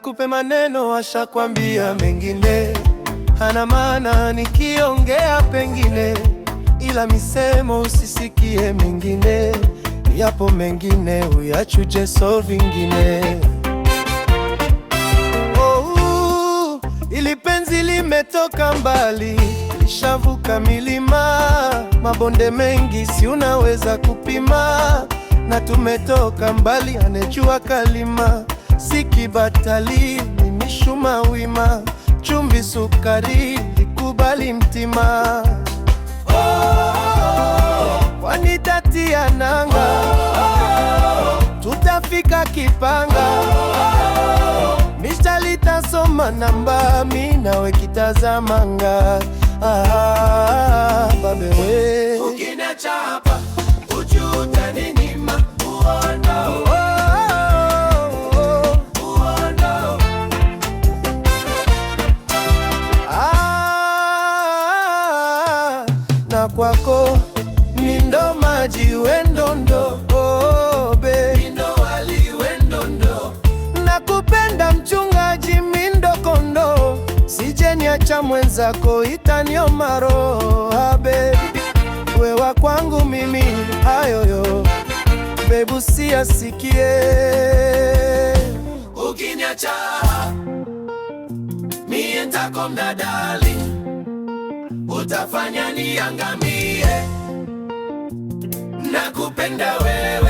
Asikupe maneno, ashakwambia mengine, hana maana nikiongea pengine, ila misemo usisikie mingine, yapo mengine uyachuje, so vingine. Oh, ili penzi limetoka mbali, lishavuka milima, mabonde mengi, si unaweza kupima, na tumetoka mbali, anejua kalima sikibatali ni mishuma wima, chumbi sukari, likubali mtima oh, Wanitatia nanga Tutafika kipanga oh, oh. namba, mi nawe kitazamanga ah, babe we kwako mindo maji wendondo oh, nakupenda mchungaji mindo kondo sijeniacha mwenzako itaniomaro habe wewa kwangu mimi hayoyo bebu siyasikie ukiniacha mie ntakomdadali utafanya niangamie, nakupenda wewe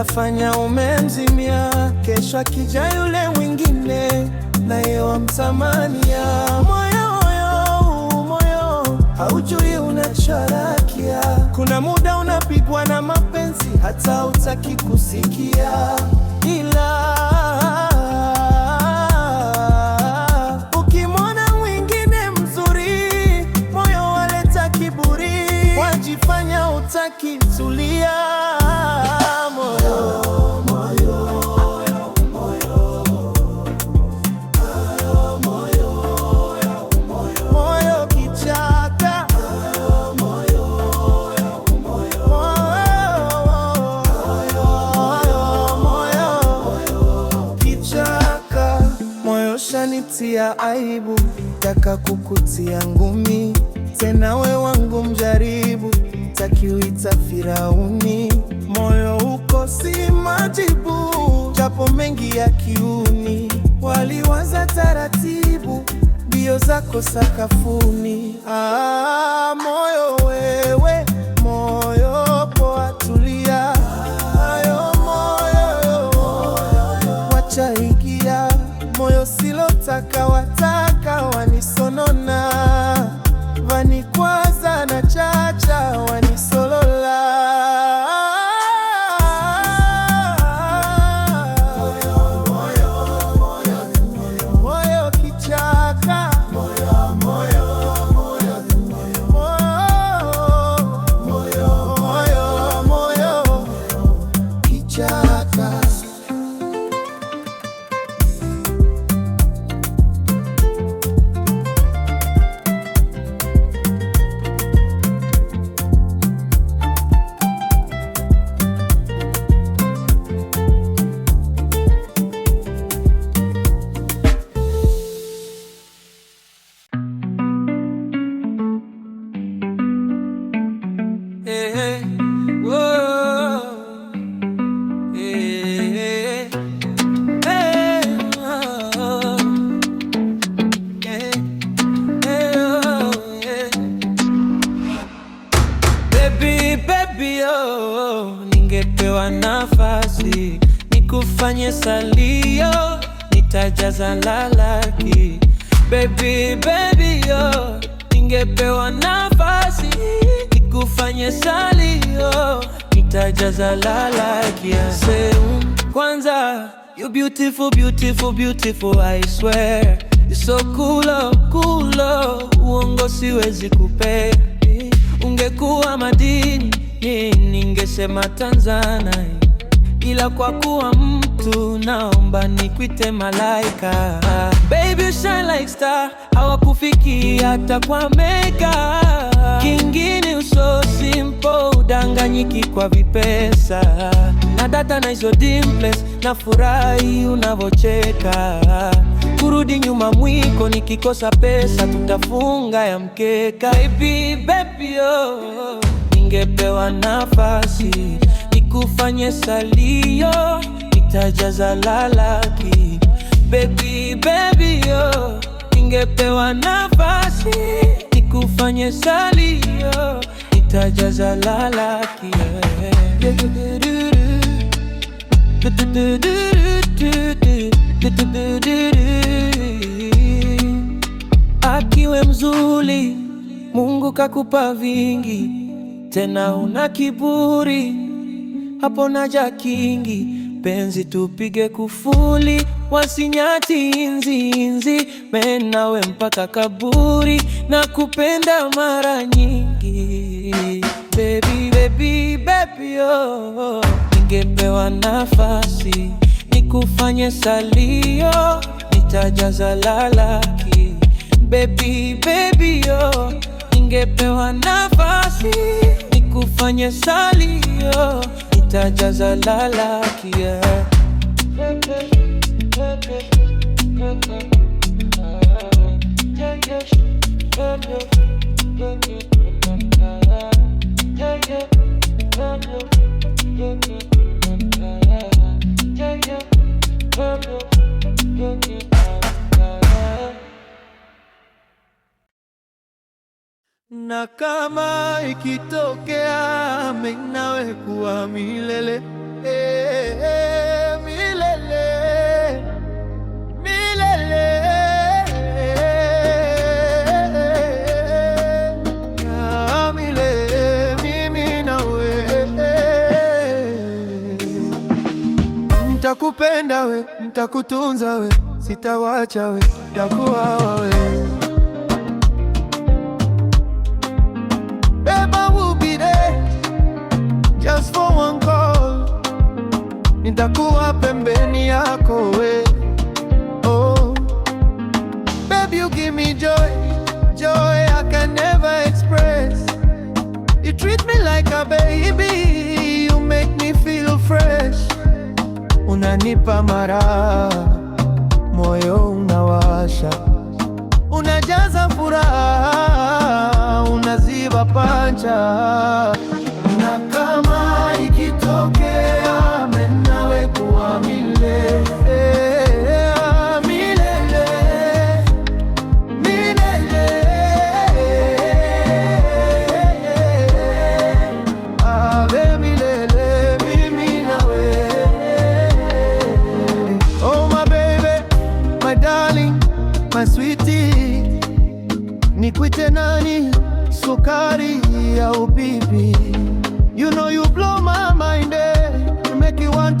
utafanya umemzimia, kesho akija yule mwingine naye wamtamania. Moyo moyo haujui unacharakia, kuna muda unapigwa na mapenzi hata utaki kusikia ila ya aibu, taka kukutia ngumi tena, we wangu mjaribu, takiuita Firauni, moyo uko si majibu, japo mengi ya kiuni, waliwaza taratibu, bio zako sakafuni. Ah, moyo wewe, moyo ningepewa nafasi nikufanye salio, nitajaza lalaki. Baby, baby yo, ningepewa nafasi nikufanye salio, nitajaza lalaki. Sehemu mm, kwanza, you beautiful, beautiful, beautiful, I swear you so cool, oh, cool, oh uongo siwezi kupea. Ungekuwa madini ningesema Tanzania, ila kwa kuwa mtu naomba nikwite malaika. Baby shine like star, hawakufiki hata kwa mega. Kingine uso simple, udanganyiki kwa vipesa na data na hizo dimples, na furahi unavocheka. Kurudi nyuma mwiko, nikikosa pesa tutafunga ya mkeka. Baby, baby, oh. Ningepewa nafasi nikufanye salio, nitajaza lalaki. Baby, baby yo, oh. ningepewa nafasi nikufanye salio, nitajaza lalaki akiwe mzuri, Mungu kakupa vingi tena una kiburi, hapo na kingi penzi, tupige kufuli, wasinyati inzi inzi, menawe mpaka kaburi, na kupenda mara nyingi, baby baby baby oh. Ningepewa nafasi nikufanye salio, nitajaza lalaki, baby baby oh. Ningepewa nafasi nikufanye salio, nitajaza lalakia na kama ikitokea minawe nawe kuwa milele eh, eh, milele milele Mtakupenda we, mtakutunza we, sitawacha we, takuwawa we nitakuwa pembeni yako we. Oh, baby you give me joy, joy I can never express. You treat me like a baby, you make me feel fresh. Unanipa mara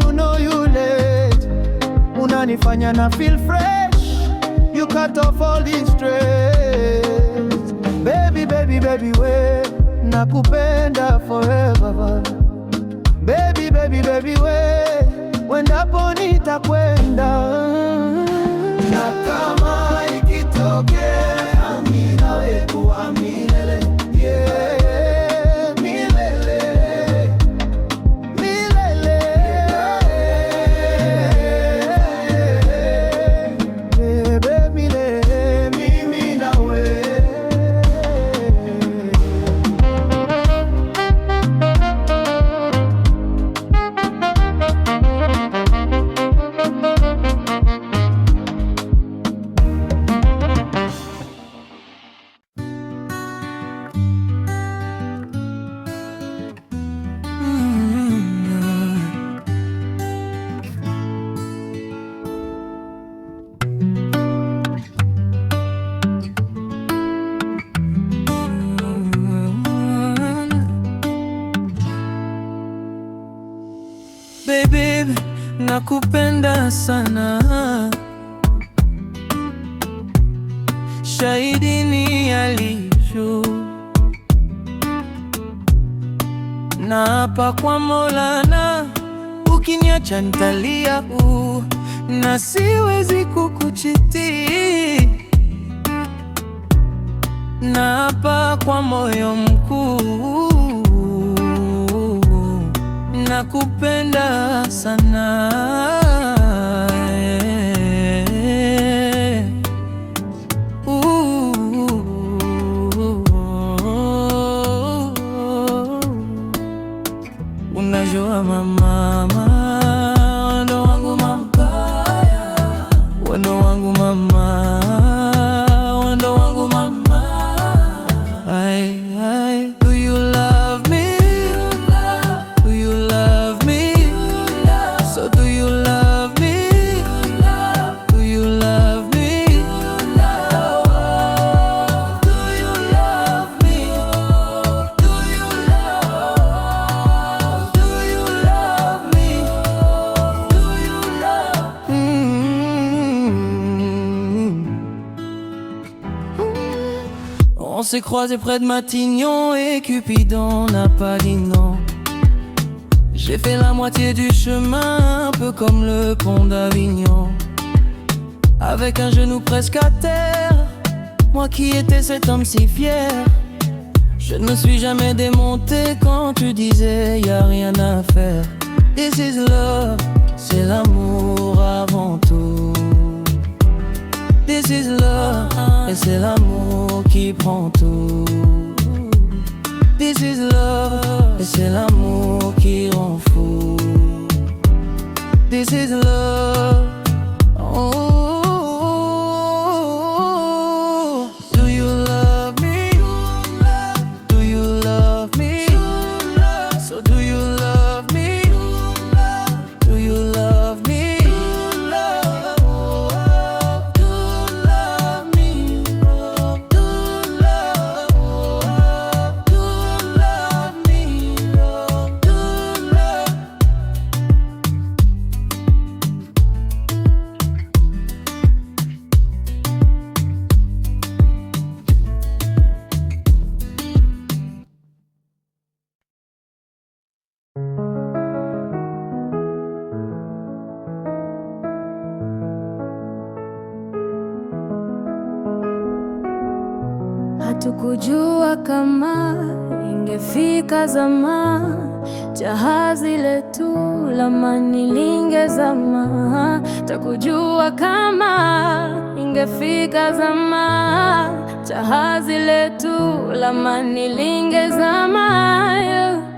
to know you late. Unanifanya na feel fresh. You cut off all the stress. Baby, baby, baby, we nakupenda forever. Baby, baby, baby, we wendapo nitakwenda na kama sana sana. Shahidi ni Alishu, hapa kwa Molana, ukiniacha nitalia u na siwezi kukuchiti, hapa kwa moyo mkuu nakupenda sana. J'ai croisé près de Matignon et Cupidon n'a pas dit non. J'ai fait la moitié du chemin, un peu comme le pont d'Avignon. Avec un genou presque à terre, moi qui étais cet homme si fier. Je ne me suis jamais démonté quand tu disais y a rien à faire. This is love, c'est l'amour avant tout. This is love, uh-huh. et c'est l'amour qui prend tout. This is love, uh-huh. et c'est l'amour qui rend fou. This is love. Oh. hatukujua kama ingefika zama jahazi letu lamani lingezama, takujua kama ingefika zama jahazi letu lamani lingezama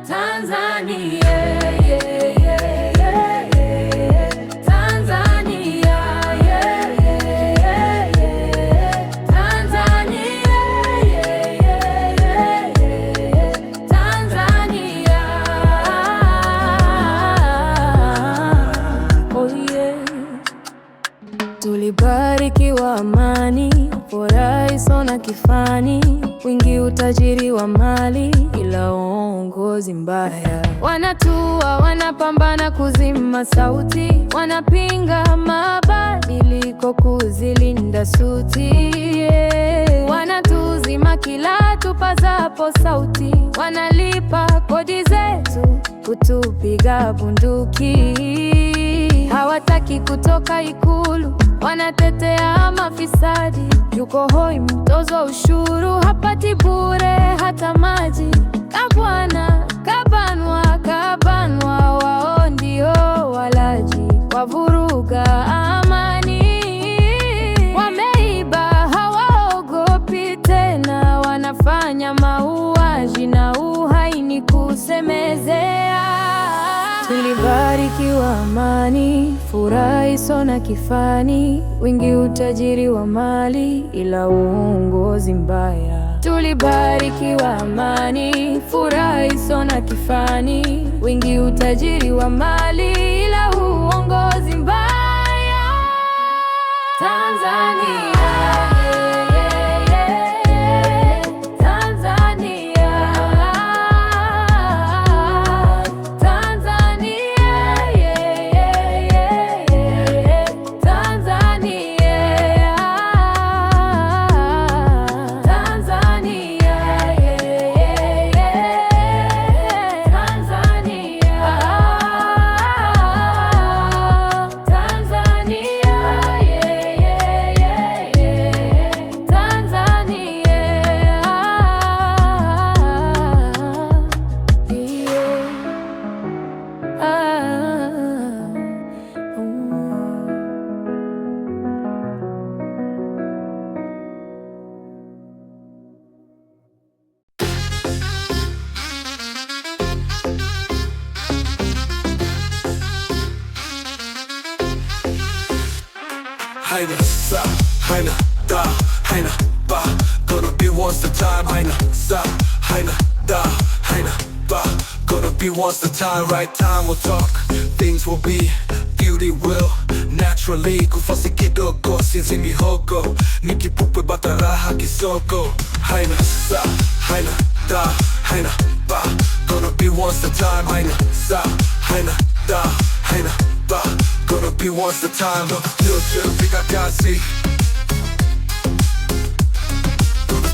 Tanzania Tulibarikiwa amani, furaha isiyo na kifani, wingi utajiri wa mali, ila uongozi mbaya. Wanatua, wanapambana kuzima sauti, wanapinga mabadiliko, kuzilinda suti, yeah. Wanatuzima kila tupazapo sauti, wanalipa kodi zetu, kutupiga bunduki hawataki kutoka Ikulu, wanatetea mafisadi. Yuko hoi mtozo ushuru, hapati bure hata maji. Kabwana kabanwa kab furaha isiyo na kifani, wingi utajiri wa mali, ila uongozi mbaya. Tulibarikiwa amani, furaha isiyo na kifani, wingi utajiri wa mali, ila uongozi mbaya Tanzania. sa Heina, da, heina, ba Gonna be once the time Heina, sa Heina, da, heina, ba Gonna be once the time Right time will talk Things will be Beauty will Naturally Kufasi kidogo Sinzi mihogo Nikipupe bataraha kisoko Heina, sa Heina, da, heina, ba Gonna be once the time Heina, sa Heina, da, heina, ba he wants the time of Pikachu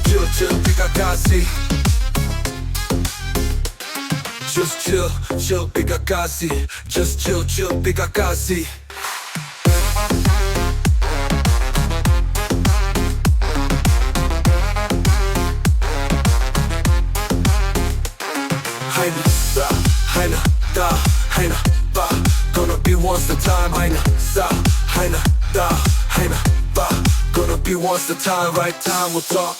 Chill, chill, Pikachu Just chill, chill, Pikachu Just chill, chill, Pikachu once the time, right time will talk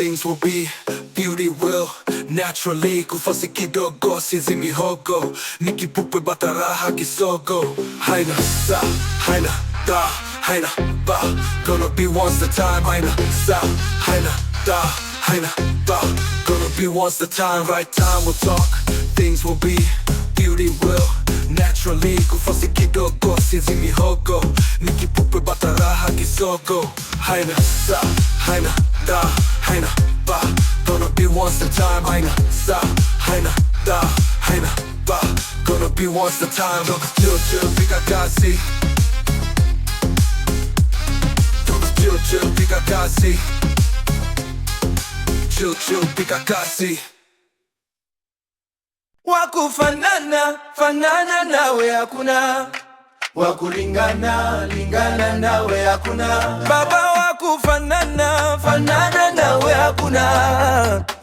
Things will be, beauty will Naturally, kufasi kidogo, sizi mihogo Nikipupwe bataraha kisogo Haina sa, haina da, haina ba Gonna be once the time, haina sa, haina da, haina ba Gonna be once the time, right time will talk Things will be, beauty will naturally Kufasi kidogo sizi mihogo oh. ni kipupe bata raha kisogo Haina sa, haina da, haina ba Gonna be once the time Haina sa, haina da, haina ba Gonna be once the time Tukututu piga kasi Tukututu piga kasi Chill chill piga kasi wakufanana fanana nawe hakuna, wakulingana lingana nawe hakuna, baba wakufanana fanana nawe hakuna,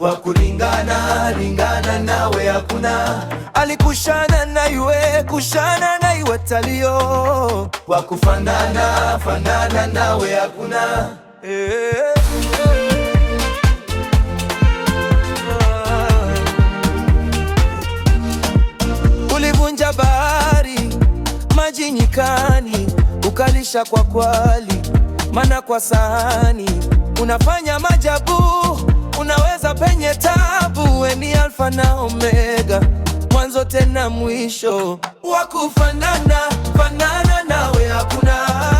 wakulingana lingana nawe hakuna, alikushana na iwe kushana na iwe talio, wakufanana fanana nawe hakuna eee. Eh. maji nyikani, ukalisha kwa kwali, mana kwa sahani. Unafanya majabu, unaweza penye tabu. We ni Alfa na Omega, mwanzo tena mwisho, wakufanana fanana nawe hakuna